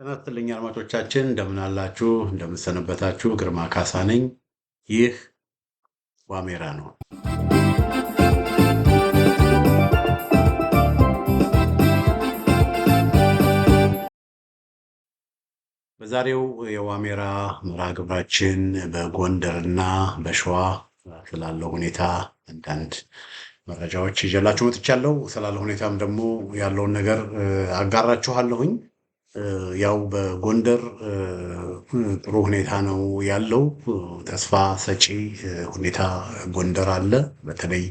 ተነስትልኝ አድማጮቻችን እንደምን አላችሁ? እንደምንሰነበታችሁ። ግርማ ካሳ ነኝ። ይህ ዋሜራ ነው። በዛሬው የዋሜራ መርሃ ግብራችን በጎንደርና በሸዋ ስላለው ሁኔታ አንዳንድ መረጃዎች ይዤላችሁ መጥቻለሁ። ስላለው ሁኔታም ደግሞ ያለውን ነገር አጋራችኋለሁኝ። ያው በጎንደር ጥሩ ሁኔታ ነው ያለው። ተስፋ ሰጪ ሁኔታ ጎንደር አለ። በተለይ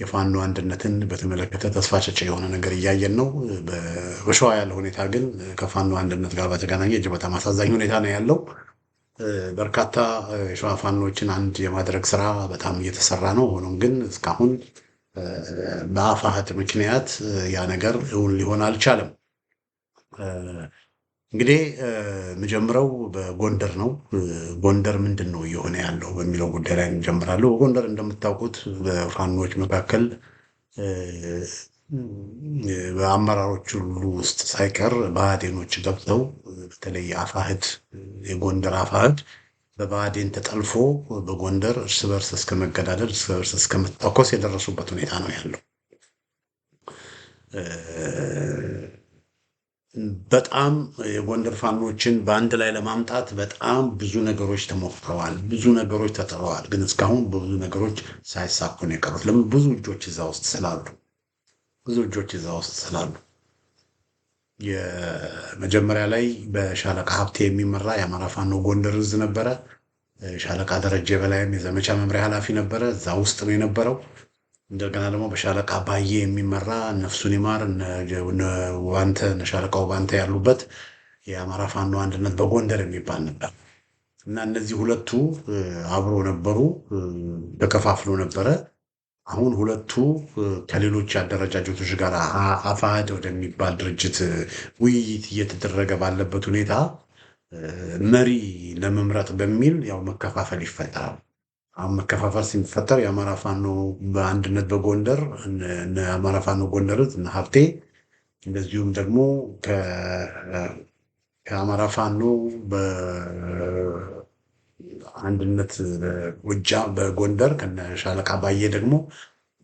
የፋኖ አንድነትን በተመለከተ ተስፋ ሰጪ የሆነ ነገር እያየን ነው። በሸዋ ያለ ሁኔታ ግን ከፋኖ አንድነት ጋር በተገናኘ እጅ በጣም አሳዛኝ ሁኔታ ነው ያለው። በርካታ የሸዋ ፋኖችን አንድ የማድረግ ስራ በጣም እየተሰራ ነው። ሆኖም ግን እስካሁን በአፋሕድ ምክንያት ያ ነገር እውን ሊሆን አልቻለም። እንግዲህ የምጀምረው በጎንደር ነው። ጎንደር ምንድን ነው እየሆነ ያለው በሚለው ጉዳይ ላይ እንጀምራለሁ። በጎንደር እንደምታውቁት በፋኖች መካከል በአመራሮች ሁሉ ውስጥ ሳይቀር ባህዴኖች ገብተው በተለይ አፋህድ የጎንደር አፋህድ በባህዴን ተጠልፎ በጎንደር እርስ በርስ እስከ መገዳደል እርስ በርስ እስከ መታኮስ የደረሱበት ሁኔታ ነው ያለው። በጣም የጎንደር ፋኖችን በአንድ ላይ ለማምጣት በጣም ብዙ ነገሮች ተሞክረዋል፣ ብዙ ነገሮች ተጥረዋል። ግን እስካሁን ብዙ ነገሮች ሳይሳኩ ነው የቀሩት። ለምን? ብዙ እጆች እዛ ውስጥ ስላሉ፣ ብዙ እጆች እዛ ውስጥ ስላሉ። የመጀመሪያ ላይ በሻለቃ ሀብቴ የሚመራ የአማራ ፋኖ ጎንደር እዝ ነበረ። ሻለቃ ደረጀ በላይም የዘመቻ መምሪያ ኃላፊ ነበረ፣ እዛ ውስጥ ነው የነበረው። እንደገና ደግሞ በሻለቃ ባዬ የሚመራ ነፍሱን ይማር ዋንተ ሻለቃው ባንተ ያሉበት የአማራ ፋኖ አንድነት በጎንደር የሚባል ነበር እና እነዚህ ሁለቱ አብሮ ነበሩ፣ ተከፋፍሎ ነበረ። አሁን ሁለቱ ከሌሎች አደረጃጀቶች ጋር አፋድ ወደሚባል ድርጅት ውይይት እየተደረገ ባለበት ሁኔታ መሪ ለመምረጥ በሚል ያው መከፋፈል ይፈጠራል። መከፋፈል ሲፈጠር የአማራ ፋኖ በአንድነት በጎንደር አማራ ፋኖ ጎንደር እነ ሀብቴ እንደዚሁም ደግሞ ከአማራ ፋኖ በአንድነት ጎጃም በጎንደር ከነ ሻለቃ ባየ ደግሞ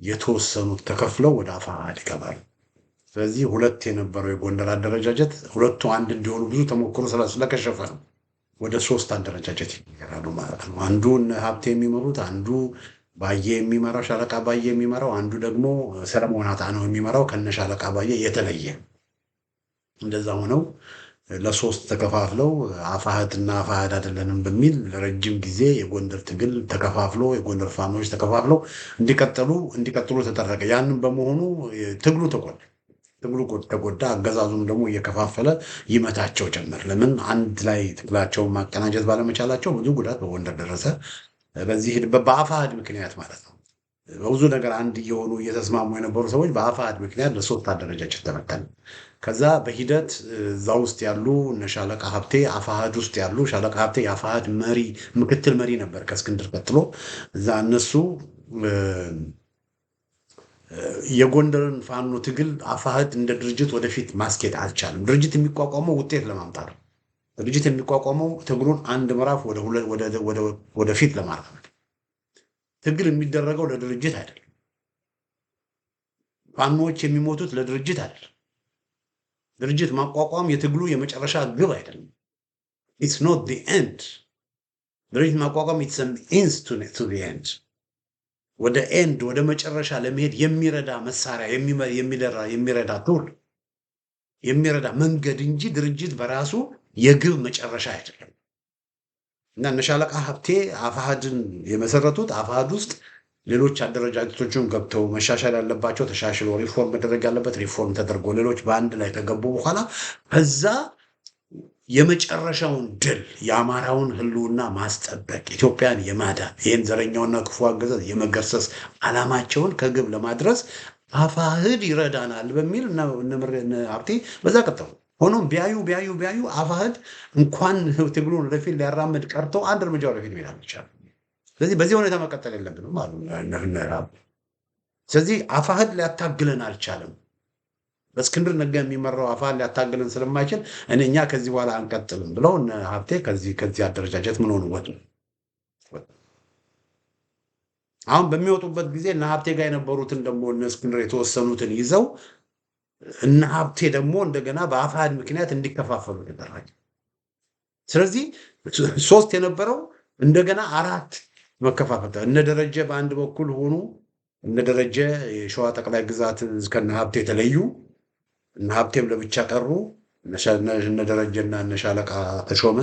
የተወሰኑት ተከፍለው ወደ አፋሕድ ይገባል። ስለዚህ ሁለት የነበረው የጎንደር አደረጃጀት ሁለቱ አንድ እንዲሆኑ ብዙ ተሞክሮ ስለከሸፈ ነው። ወደ ሶስት አደረጃጀት ይገራሉ ማለት ነው። አንዱ ሀብቴ የሚመሩት አንዱ ባየ የሚመራው ሻለቃ ባየ የሚመራው አንዱ ደግሞ ሰለሞን አጣ ነው የሚመራው ከነ ሻለቃ ባየ የተለየ እንደዛ ሆነው ለሶስት ተከፋፍለው አፋህትና አፋህድ አይደለንም በሚል ለረጅም ጊዜ የጎንደር ትግል ተከፋፍሎ የጎንደር ፋኖች ተከፋፍለው እንዲቀጥሉ እንዲቀጥሉ ተደረገ። ያንን በመሆኑ ትግሉ ተቆል ትግሉ ተጎዳ። አገዛዙም ደግሞ እየከፋፈለ ይመታቸው ጀመር። ለምን አንድ ላይ ትግላቸውን ማቀናጀት ባለመቻላቸው ብዙ ጉዳት በጎንደር ደረሰ። በዚህ ሂድበት በአፋሕድ ምክንያት ማለት ነው። በብዙ ነገር አንድ እየሆኑ እየተስማሙ የነበሩ ሰዎች በአፋሕድ ምክንያት ለሶስት አደረጃጀት ተበተነ። ከዛ በሂደት እዛ ውስጥ ያሉ እነ ሻለቃ ሀብቴ አፋሕድ ውስጥ ያሉ ሻለቃ ሀብቴ የአፋሕድ መሪ ምክትል መሪ ነበር ከእስክንድር ቀጥሎ እዛ እነሱ የጎንደርን ፋኖ ትግል አፋህድ እንደ ድርጅት ወደፊት ማስኬድ አልቻለም። ድርጅት የሚቋቋመው ውጤት ለማምጣት ድርጅት የሚቋቋመው ትግሉን አንድ ምዕራፍ ወደፊት ለማራመድ። ትግል የሚደረገው ለድርጅት አይደለም። ፋኖዎች የሚሞቱት ለድርጅት አይደለም። ድርጅት ማቋቋም የትግሉ የመጨረሻ ግብ አይደለም። ኢትስ ኖት ዘ ኤንድ ድርጅት ማቋቋም ኢትስ አን ኢንስ ቱ ዘ ኤንድ ወደ ኤንድ ወደ መጨረሻ ለመሄድ የሚረዳ መሳሪያ የሚረዳ ቱል የሚረዳ መንገድ እንጂ ድርጅት በራሱ የግብ መጨረሻ አይደለም። እና እነ ሻለቃ ሀብቴ አፋሃድን የመሰረቱት አፋሃድ ውስጥ ሌሎች አደረጃጀቶችን ገብተው መሻሻል ያለባቸው ተሻሽሎ ሪፎርም መደረግ ያለበት ሪፎርም ተደርጎ ሌሎች በአንድ ላይ ከገቡ በኋላ ከዛ የመጨረሻውን ድል የአማራውን ህልውና ማስጠበቅ ኢትዮጵያን የማዳን ይህን ዘረኛውና ክፉ አገዛዝ የመገርሰስ አላማቸውን ከግብ ለማድረስ አፋህድ ይረዳናል በሚል ሀብቴ በዛ ቀጠሉ። ሆኖም ቢያዩ ቢያዩ ቢያዩ አፋህድ እንኳን ትግሉን ወደፊት ሊያራምድ ቀርቶ አንድ እርምጃ ወደፊት ሄዳ ይቻል። ስለዚህ በዚህ ሁኔታ መቀጠል የለብንም አሉ። ስለዚህ አፋህድ ሊያታግለን አልቻለም። በእስክንድር ነጋ የሚመራው አፋ ሊያታግልን ስለማይችል እኔ እኛ ከዚህ በኋላ አንቀጥልም ብለው ሀብቴ ከዚህ አደረጃጀት ምን ሆኑ አሁን በሚወጡበት ጊዜ እነ ሀብቴ ጋር የነበሩትን ደግሞ እነ እስክንድር የተወሰኑትን ይዘው እነ ሀብቴ ደግሞ እንደገና በአፋድ ምክንያት እንዲከፋፈሉ ተደረገ። ስለዚህ ሶስት የነበረው እንደገና አራት መከፋፈል እነ ደረጀ በአንድ በኩል ሆኑ። እነ ደረጀ የሸዋ ጠቅላይ ግዛት ከነ ሀብቴ የተለዩ እነ ሀብቴም ለብቻ ቀሩ። እነ ደረጀና እነ ሻለቃ ተሾመ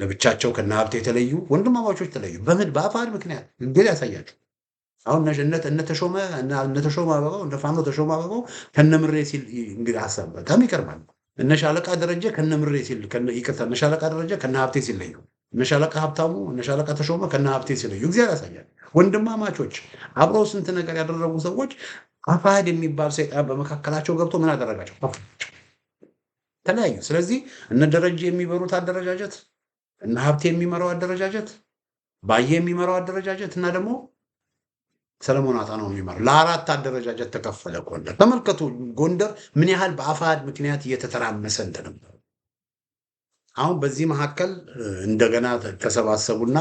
ለብቻቸው ከነ ሀብቴ የተለዩ ወንድማማቾች ተለዩ። በምን በአፋር ምክንያት እንግዲህ ያሳያቸው። አሁን እነ ተሾመ አበባው እነ ፋኖ ተሾመ አበባው ከነምሬ ሲል እንግዲህ ሀሳብ በጣም ይቀርማል። እነ ሻለቃ ደረጀ ከነምሬ ሲል ይቅርታ፣ እነ ሻለቃ ደረጀ ከነ ሀብቴ ሲለዩ እነ ሻለቃ ሀብታሙ እነ ሻለቃ ተሾመ ከነ ሀብቴ ሲለዩ እግዚአብሔር ያሳያል። ወንድማማቾች አብረው ስንት ነገር ያደረጉ ሰዎች አፋህድ የሚባል ሰይጣን በመካከላቸው ገብቶ ምን አደረጋቸው? ተለያዩ። ስለዚህ እነ ደረጀ የሚበሩት አደረጃጀት እነ ሀብቴ የሚመራው አደረጃጀት ባየ የሚመራው አደረጃጀት እና ደግሞ ሰለሞን ነው የሚመራው ለአራት አደረጃጀት ተከፈለ። ጎንደር ተመልከቱ፣ ጎንደር ምን ያህል በአፋህድ ምክንያት እየተተራመሰ እንደነበር አሁን በዚህ መካከል እንደገና ተሰባሰቡና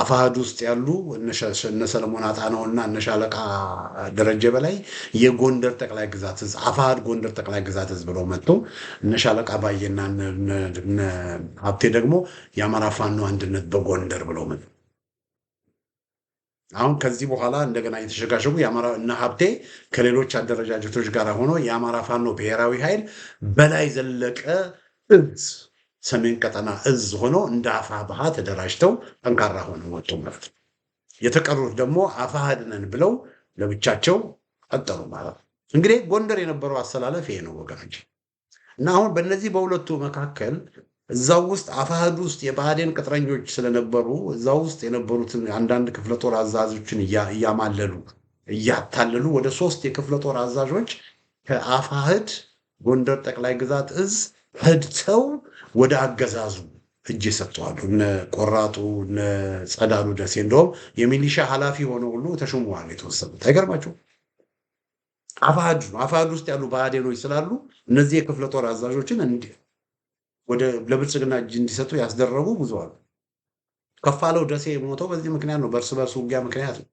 አፋሃድ ውስጥ ያሉ እነ ሰለሞን እና እነ ሻለቃ ደረጀ በላይ የጎንደር ጠቅላይ ግዛት ህዝብ አፋሃድ ጎንደር ጠቅላይ ግዛት ህዝብ ብለው መጥቶ እነ ሻለቃ ባየና ሀብቴ ደግሞ የአማራ ፋኖ አንድነት በጎንደር ብለው መጡ። አሁን ከዚህ በኋላ እንደገና የተሸጋሸጉ እና ሀብቴ ከሌሎች አደረጃጀቶች ጋር ሆኖ የአማራ ፋኖ ብሔራዊ ኃይል በላይ ዘለቀ እዝ ሰሜን ቀጠና እዝ ሆኖ እንደ አፋ ባሃ ተደራጅተው ጠንካራ ሆነው ወጡ ማለት ነው። የተቀሩት ደግሞ አፋሃድ ብለው ለብቻቸው ቀጠሉ ማለት ነው። እንግዲህ ጎንደር የነበረው አሰላለፍ ይሄ ነው ወገኖች። እና አሁን በእነዚህ በሁለቱ መካከል እዛው ውስጥ አፋህድ ውስጥ የባህዴን ቅጥረኞች ስለነበሩ እዛው ውስጥ የነበሩትን አንዳንድ ክፍለ ጦር አዛዦችን እያማለሉ እያታለሉ ወደ ሶስት የክፍለ ጦር አዛዦች ከአፋህድ ጎንደር ጠቅላይ ግዛት እዝ ህድተው ወደ አገዛዙ እጅ ሰጥተዋል። እነ ቆራጡ እነ ጸዳሉ ደሴ እንደውም የሚሊሻ ኃላፊ ሆነ ሁሉ ተሾመዋል የተወሰኑት። አይገርማቸው አፋሃድ ነው። አፋሃድ ውስጥ ያሉ ብአዴኖች ስላሉ እነዚህ የክፍለ ጦር አዛዦችን ወደ ለብልጽግና እጅ እንዲሰጡ ያስደረጉ ብዙ አሉ። ከፋለው ደሴ የሞተው በዚህ ምክንያት ነው፣ በእርስ በርሱ ውጊያ ምክንያት ነው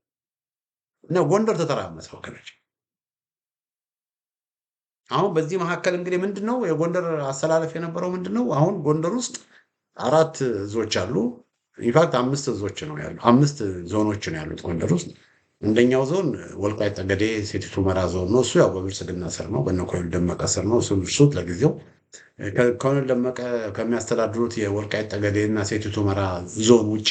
እና ጎንደር ተተራመሰ ወገኖች አሁን በዚህ መካከል እንግዲህ ምንድን ነው የጎንደር አሰላለፍ የነበረው ምንድን ነው? አሁን ጎንደር ውስጥ አራት እዞች አሉ። ኢንፋክት አምስት እዞች ነው ያሉ፣ አምስት ዞኖች ነው ያሉት ጎንደር ውስጥ። አንደኛው ዞን ወልቃይት ጠገዴ፣ ሰቲት ሁመራ ዞን ነው። እሱ ያው በብልጽግና ስር ነው፣ በነኮይል ደመቀ ስር ነው። እሱ ለጊዜው ኮሎኔል ደመቀ ከሚያስተዳድሩት የወልቃይት ጠገዴና ሴቲት ሁመራ ዞን ውጭ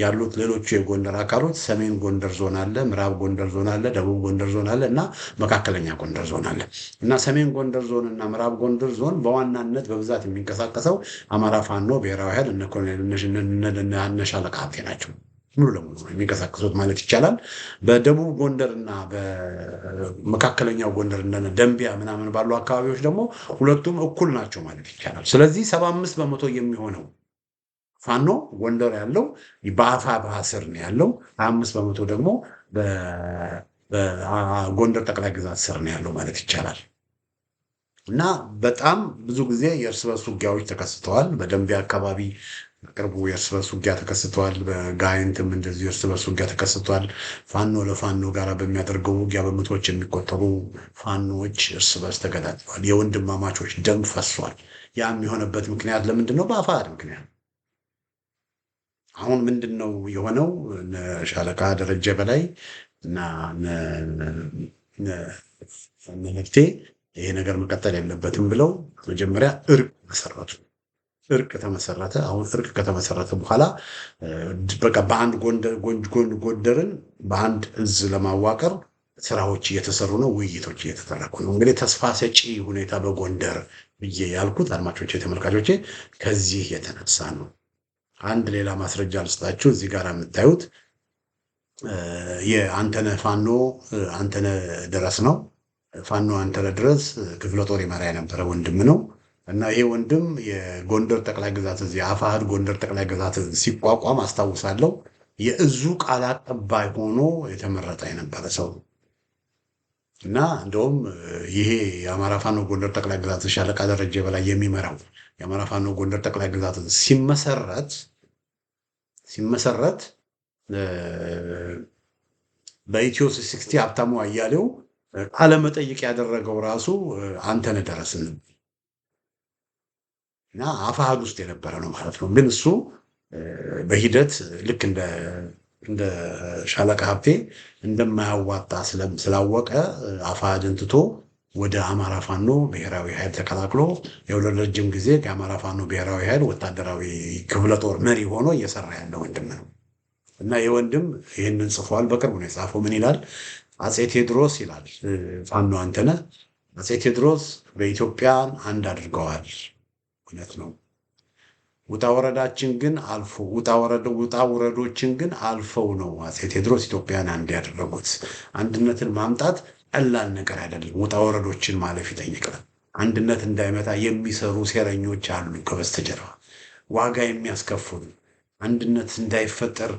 ያሉት ሌሎቹ የጎንደር አካሎች ሰሜን ጎንደር ዞን አለ፣ ምዕራብ ጎንደር ዞን አለ፣ ደቡብ ጎንደር ዞን አለ እና መካከለኛ ጎንደር ዞን አለ እና ሰሜን ጎንደር ዞን እና ምዕራብ ጎንደር ዞን በዋናነት በብዛት የሚንቀሳቀሰው አማራ ፋኖ ብሔራዊ ኃይል እነ ኮሎኔል እነ ሻለቃ ሀብቴ ናቸው። ሙሉ ለሙሉ የሚንቀሳቀሱት ማለት ይቻላል። በደቡብ ጎንደርና በመካከለኛው ጎንደር እንደ ደንቢያ ምናምን ባሉ አካባቢዎች ደግሞ ሁለቱም እኩል ናቸው ማለት ይቻላል። ስለዚህ ሰባ አምስት በመቶ የሚሆነው ፋኖ ጎንደር ያለው በአፋብኃ ስር ነው ያለው፣ ሀያ አምስት በመቶ ደግሞ በጎንደር ጠቅላይ ግዛት ስር ነው ያለው ማለት ይቻላል። እና በጣም ብዙ ጊዜ የእርስ በርስ ውጊያዎች ተከስተዋል። በደንቢያ አካባቢ ቅርቡ የእርስ በርስ ውጊያ ተከስተዋል። በጋይንትም እንደዚህ የእርስ በርስ ውጊያ ተከስተዋል። ፋኖ ለፋኖ ጋር በሚያደርገው ውጊያ በመቶዎች የሚቆጠሩ ፋኖዎች እርስ በርስ ተገዳጥለዋል። የወንድማማቾች ደም ፈሷል። ያ የሆነበት ምክንያት ለምንድን ነው? በአፋር ምክንያት። አሁን ምንድን ነው የሆነው? ሻለቃ ደረጀ በላይ እና ይሄ ነገር መቀጠል የለበትም ብለው መጀመሪያ እርቅ መሰረቱ። እርቅ ተመሰረተ። አሁን እርቅ ከተመሰረተ በኋላ በቃ በአንድ ጎንደርን በአንድ እዝ ለማዋቀር ስራዎች እየተሰሩ ነው፣ ውይይቶች እየተደረጉ ነው። እንግዲህ ተስፋ ሰጪ ሁኔታ በጎንደር ብዬ ያልኩት አድማቾች ተመልካቾቼ ከዚህ የተነሳ ነው። አንድ ሌላ ማስረጃ ልስጣችሁ። እዚህ ጋር የምታዩት የአንተነ ፋኖ አንተነ ድረስ ነው። ፋኖ አንተነ ድረስ ክፍለ ጦር ይመራ የነበረ ወንድም ነው። እና ይሄ ወንድም የጎንደር ጠቅላይ ግዛት እዝ አፋህድ ጎንደር ጠቅላይ ግዛት ሲቋቋም አስታውሳለሁ የእዙ ቃል አቀባይ ሆኖ የተመረጠ የነበረ ሰው እና እንደውም ይሄ የአማራ ፋኖ ጎንደር ጠቅላይ ግዛት ሻለቃ ደረጀ በላይ የሚመራው የአማራ ፋኖ ጎንደር ጠቅላይ ግዛት ሲመሰረት ሲመሰረት በኢትዮ ሲክስቲ ሀብታሙ አያሌው ቃለመጠይቅ ያደረገው ራሱ አንተነህ ደረስን እና አፋሃድ ውስጥ የነበረ ነው ማለት ነው። ግን እሱ በሂደት ልክ እንደ ሻለቃ ሀብቴ እንደማያዋጣ ስላወቀ አፋህድን ትቶ ወደ አማራ ፋኖ ብሔራዊ ኃይል ተቀላቅሎ ለረጅም ጊዜ የአማራ ፋኖ ብሔራዊ ኃይል ወታደራዊ ክፍለ ጦር መሪ ሆኖ እየሰራ ያለ ወንድም ነው እና ይህ ወንድም ይህንን ጽፏል። በቅርቡ ነው የጻፈው። ምን ይላል? አፄ ቴዎድሮስ ይላል ፋኖ አንተነህ አፄ ቴዎድሮስ በኢትዮጵያ አንድ አድርገዋል። እውነት ነው። ውጣ ወረዳችን ግን አልፎ ውጣ ወረዶችን ግን አልፈው ነው አፄ ቴዎድሮስ ኢትዮጵያን አንድ ያደረጉት። አንድነትን ማምጣት ቀላል ነገር አይደለም። ውጣ ወረዶችን ማለፍ ይጠይቃል። አንድነት እንዳይመጣ የሚሰሩ ሴረኞች አሉ ከበስተጀርባ ዋጋ የሚያስከፍሉ አንድነት እንዳይፈጠር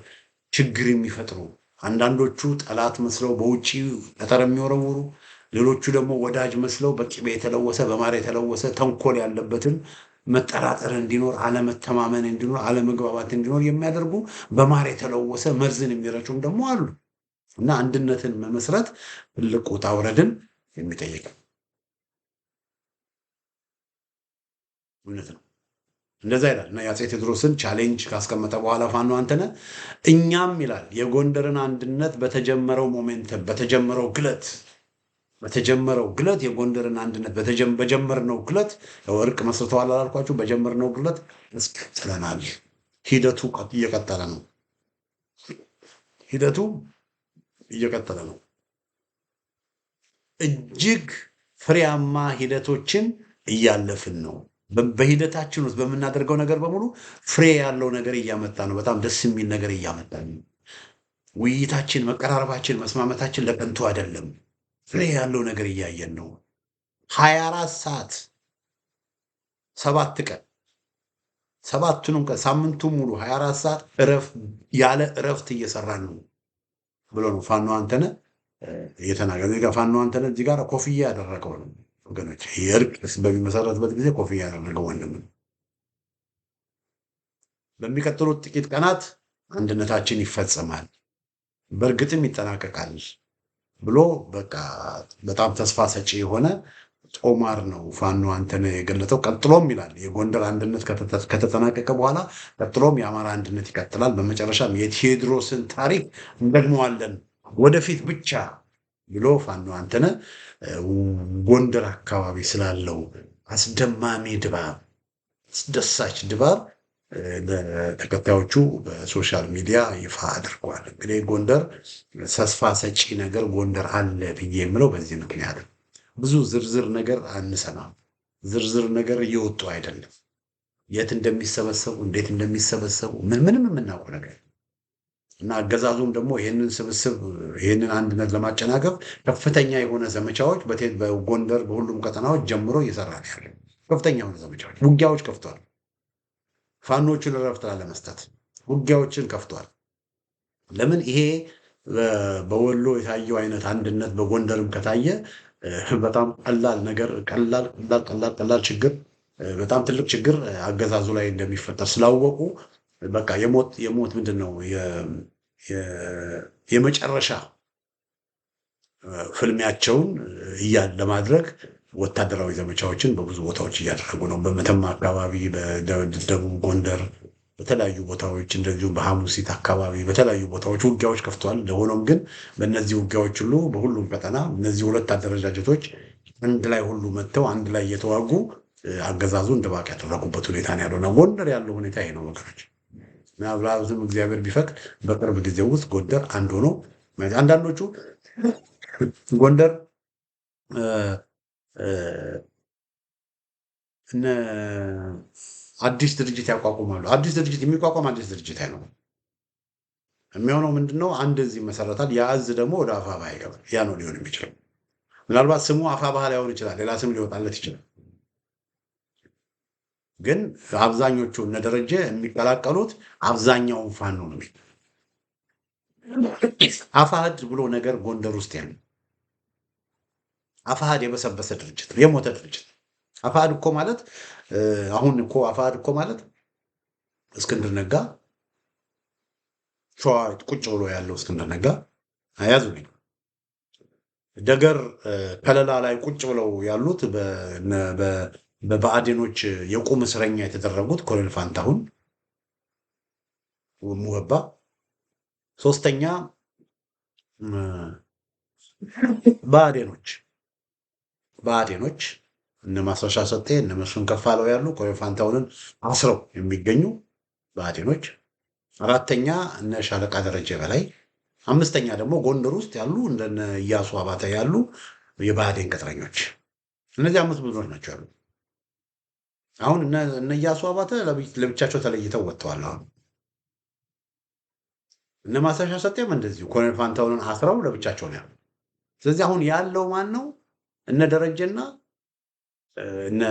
ችግር የሚፈጥሩ አንዳንዶቹ ጠላት መስለው በውጭ ጠጠር የሚወረውሩ ሌሎቹ ደግሞ ወዳጅ መስለው በቅቤ የተለወሰ በማር የተለወሰ ተንኮል ያለበትን መጠራጠር እንዲኖር፣ አለመተማመን እንዲኖር፣ አለመግባባት እንዲኖር የሚያደርጉ በማር የተለወሰ መርዝን የሚረጩም ደግሞ አሉ እና አንድነትን መመስረት ትልቅ ውጣ ውረድን የሚጠይቅ እውነት ነው። እንደዛ ይላል እና የአፄ ቴዎድሮስን ቻሌንጅ ካስቀመጠ በኋላ ፋኖ አንተነ እኛም ይላል የጎንደርን አንድነት በተጀመረው ሞሜንተም በተጀመረው ግለት በተጀመረው ግለት የጎንደርን አንድነት በጀመርነው ግለት እርቅ መስርተዋል አላልኳችሁ? በጀመርነው ግለት እስቀጥለናል። ሂደቱ እየቀጠለ ነው። ሂደቱ እየቀጠለ ነው። እጅግ ፍሬያማ ሂደቶችን እያለፍን ነው። በሂደታችን ውስጥ በምናደርገው ነገር በሙሉ ፍሬ ያለው ነገር እያመጣ ነው። በጣም ደስ የሚል ነገር እያመጣ ነው። ውይይታችን፣ መቀራረባችን፣ መስማመታችን ለቀንቱ አይደለም። ፍሬ ያለው ነገር እያየን ነው። ሀያ አራት ሰዓት ሰባት ቀን ሰባቱንም ቀን ሳምንቱ ሙሉ ሀያ አራት ሰዓት ያለ እረፍት እየሰራን ነው ብሎ ነው ፋኖ አንተነ የተናገረ ጋ ፋኖ አንተነ እዚህ ጋር ኮፍያ ያደረገው ነው ወገኖች፣ የእርቅ በሚመሰረትበት ጊዜ ኮፍያ ያደረገ ወንድም በሚቀጥሉት ጥቂት ቀናት አንድነታችን ይፈጸማል፣ በእርግጥም ይጠናቀቃል። ብሎ በቃ በጣም ተስፋ ሰጪ የሆነ ጦማር ነው ፋኖ አንተን የገለጠው። ቀጥሎም ይላል የጎንደር አንድነት ከተጠናቀቀ በኋላ ቀጥሎም የአማራ አንድነት ይቀጥላል። በመጨረሻም የቴዎድሮስን ታሪክ እንደግመዋለን ወደፊት ብቻ ብሎ ፋኖ አንተነ ጎንደር አካባቢ ስላለው አስደማሚ ድባብ፣ አስደሳች ድባብ ለተከታዮቹ በሶሻል ሚዲያ ይፋ አድርጓል። እንግዲህ ጎንደር ተስፋ ሰጪ ነገር ጎንደር አለ ብዬ የምለው በዚህ ምክንያት ብዙ ዝርዝር ነገር አንሰማም። ዝርዝር ነገር እየወጡ አይደለም። የት እንደሚሰበሰቡ እንዴት እንደሚሰበሰቡ ምን ምንም የምናውቁ ነገር እና አገዛዙም ደግሞ ይህንን ስብስብ ይህንን አንድነት ለማጨናገፍ ከፍተኛ የሆነ ዘመቻዎች በጎንደር በሁሉም ቀጠናዎች ጀምሮ እየሰራ ነው ያለ። ከፍተኛ የሆነ ዘመቻዎች፣ ውጊያዎች ከፍቷል። ፋኖችን እረፍት ላለመስጠት ውጊያዎችን ከፍቷል። ለምን ይሄ በወሎ የታየው አይነት አንድነት በጎንደርም ከታየ በጣም ቀላል ነገር ቀላል ቀላል ቀላል ቀላል ችግር በጣም ትልቅ ችግር አገዛዙ ላይ እንደሚፈጠር ስላወቁ በቃ የሞት የሞት ምንድን ነው የመጨረሻ ፍልሚያቸውን እያን ለማድረግ ወታደራዊ ዘመቻዎችን በብዙ ቦታዎች እያደረጉ ነው። በመተማ አካባቢ፣ በደቡብ ጎንደር በተለያዩ ቦታዎች እንደዚሁም በሐሙሲት አካባቢ በተለያዩ ቦታዎች ውጊያዎች ከፍተዋል። ለሆኖም ግን በእነዚህ ውጊያዎች ሁሉ በሁሉም ቀጠና እነዚህ ሁለት አደረጃጀቶች አንድ ላይ ሁሉ መጥተው አንድ ላይ እየተዋጉ አገዛዙን ድባቅ ያደረጉበት ሁኔታ ነው ያለው እና ጎንደር ያለው ሁኔታ ይሄ ነው ነገሮች ምናልባትም እግዚአብሔር ቢፈቅድ በቅርብ ጊዜ ውስጥ ጎንደር አንድ ሆኖ አንዳንዶቹ ጎንደር አዲስ ድርጅት ያቋቁማሉ። አዲስ ድርጅት የሚቋቋም አዲስ ድርጅት አይኖርም። የሚሆነው ምንድነው? አንድ እዚህ ይመሰረታል። ያ እዝ ደግሞ ወደ አፋባ ይገባል። ያ ነው ሊሆን የሚችለው። ምናልባት ስሙ አፋባህ ላይሆን ይችላል፣ ሌላ ስም ሊወጣለት ይችላል። ግን አብዛኞቹ እነ ደረጀ የሚቀላቀሉት አብዛኛውን ፋኖ ነው። አፋህድ ብሎ ነገር ጎንደር ውስጥ ያለ አፋሃድ የበሰበሰ ድርጅት ነው፣ የሞተ ድርጅት ነው። አፋሃድ እኮ ማለት አሁን እኮ አፋሃድ እኮ ማለት እስክንድር ነጋ ሸዋ ቁጭ ብሎ ያለው እስክንድር ነጋ አያዙልኝ ደገር ከለላ ላይ ቁጭ ብለው ያሉት በአዴኖች የቁም እስረኛ የተደረጉት ኮሎኔል ፋንታሁን ሙገባ፣ ሶስተኛ በአዴኖች ብአዴኖች እነ ማስረሻ ሰጤ እነ መስፍን ከፋለው ያሉ ቆሬ አስረው የሚገኙ በአቴኖች፣ አራተኛ እነ ሻለቃ ደረጀ በላይ፣ አምስተኛ ደግሞ ጎንደር ውስጥ ያሉ እንደነ እያሱ አባተ ያሉ የባህዴን ቅጥረኞች። እነዚህ አምስት ቡድኖች ናቸው ያሉ። አሁን እነ እያሱ አባተ ለብቻቸው ተለይተው ወጥተዋል። አሁን እነ ማስረሻ ሰጤም እንደዚሁ ኮሎኔል አስረው ለብቻቸው ነው ያሉ። ስለዚህ አሁን ያለው ማን ነው? እነ ደረጀና እነ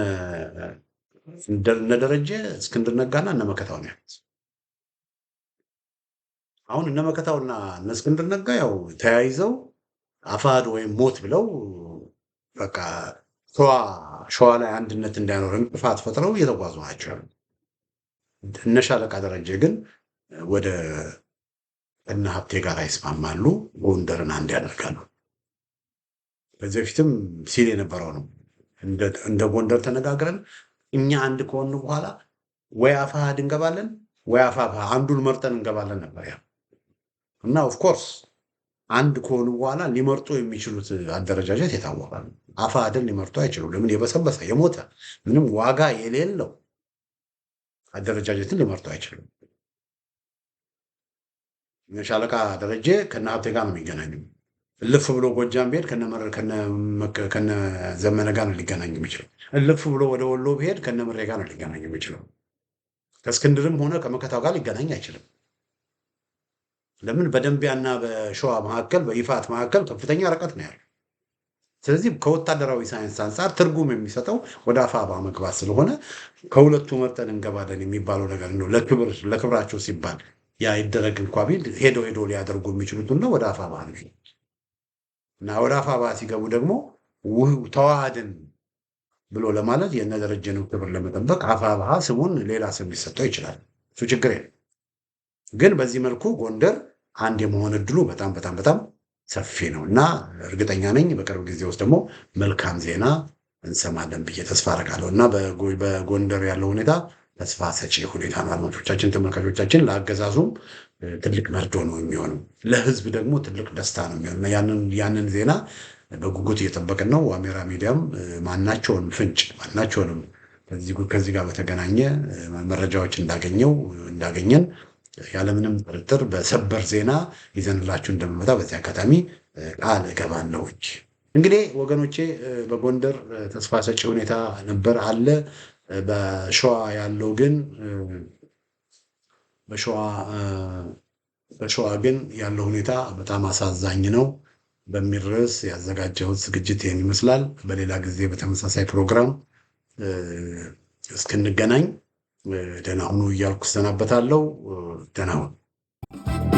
ደረጀ እስክንድር ነጋና እነ መከታው ነው ያሉት። አሁን እነ መከታውና እነ እስክንድር ነጋ ያው ተያይዘው አፋድ ወይም ሞት ብለው በቃ ሸዋ ሸዋ ላይ አንድነት እንዳይኖር እንቅፋት ፈጥረው እየተጓዙ ናቸው እነ ሻለቃ ደረጀ ግን ወደ እነ ሀብቴ ጋር ይስማማሉ፣ ጎንደርን አንድ ያደርጋሉ። በዚህ በፊትም ሲል የነበረው ነው። እንደ ጎንደር ተነጋግረን እኛ አንድ ከሆን በኋላ ወይ አፋሃድ እንገባለን ወይ አፋፋ አንዱን መርጠን እንገባለን ነበር ያ እና ኦፍኮርስ አንድ ከሆኑ በኋላ ሊመርጡ የሚችሉት አደረጃጀት የታወቀ ነው። አፋሃድን ሊመርጡ አይችሉም። ለምን? የበሰበሰ የሞተ ምንም ዋጋ የሌለው አደረጃጀትን ሊመርጡ አይችሉም። ሻለቃ ደረጀ ከነ ሀብቴ ጋር ነው የሚገናኙ እልፍ ብሎ ጎጃም ብሄድ ከነዘመነ ዘመነ ጋር ነው ሊገናኝ የሚችለው። እልፍ ብሎ ወደ ወሎ ብሄድ ከነ ምሬ ጋር ነው ሊገናኝ የሚችለው። ከእስክንድርም ሆነ ከመከታው ጋር ሊገናኝ አይችልም። ለምን? በደንቢያና በሸዋ መካከል በይፋት መካከል ከፍተኛ ርቀት ነው ያለው። ስለዚህ ከወታደራዊ ሳይንስ አንጻር ትርጉም የሚሰጠው ወደ አፋባ መግባት ስለሆነ ከሁለቱ መርጠን እንገባለን የሚባለው ነገር ነው። ለክብራቸው ሲባል ያ ይደረግ እንኳ ቢል ሄዶ ሄዶ ሊያደርጉ የሚችሉት ነው ወደ አፋባ ነው እና ወደ አፋባ ሲገቡ ደግሞ ተዋህድን ብሎ ለማለት የነደረጀን ክብር ለመጠበቅ አፋባ ስሙን ሌላ ስም ሊሰጠው ይችላል። እሱ ችግር የለም። ግን በዚህ መልኩ ጎንደር አንድ የመሆን እድሉ በጣም በጣም በጣም ሰፊ ነው እና እርግጠኛ ነኝ በቅርብ ጊዜ ውስጥ ደግሞ መልካም ዜና እንሰማለን ብዬ ተስፋ አደርጋለሁ እና በጎንደር ያለው ሁኔታ ተስፋ ሰጪ ሁኔታ ነው። አድማጮቻችን፣ ተመልካቾቻችን ለአገዛዙም ትልቅ መርዶ ነው የሚሆነው። ለህዝብ ደግሞ ትልቅ ደስታ ነው የሚሆነው። ያንን ዜና በጉጉት እየጠበቅን ነው። አሜራ ሚዲያም ማናቸውንም ፍንጭ ማናቸውንም ከዚህ ጋር በተገናኘ መረጃዎች እንዳገኘው እንዳገኘን ያለምንም ጥርጥር በሰበር ዜና ይዘንላችሁ እንደምመጣ በዚህ አጋጣሚ ቃል እገባለሁ። እንግዲህ ወገኖቼ በጎንደር ተስፋ ሰጪ ሁኔታ ነበር አለ። በሸዋ ያለው ግን በሸዋ ግን ያለው ሁኔታ በጣም አሳዛኝ ነው በሚል ርዕስ ያዘጋጀሁት ዝግጅት ይህን ይመስላል። በሌላ ጊዜ በተመሳሳይ ፕሮግራም እስክንገናኝ ደህና ሁኑ እያልኩ እሰናበታለሁ። ደህና ሁኑ።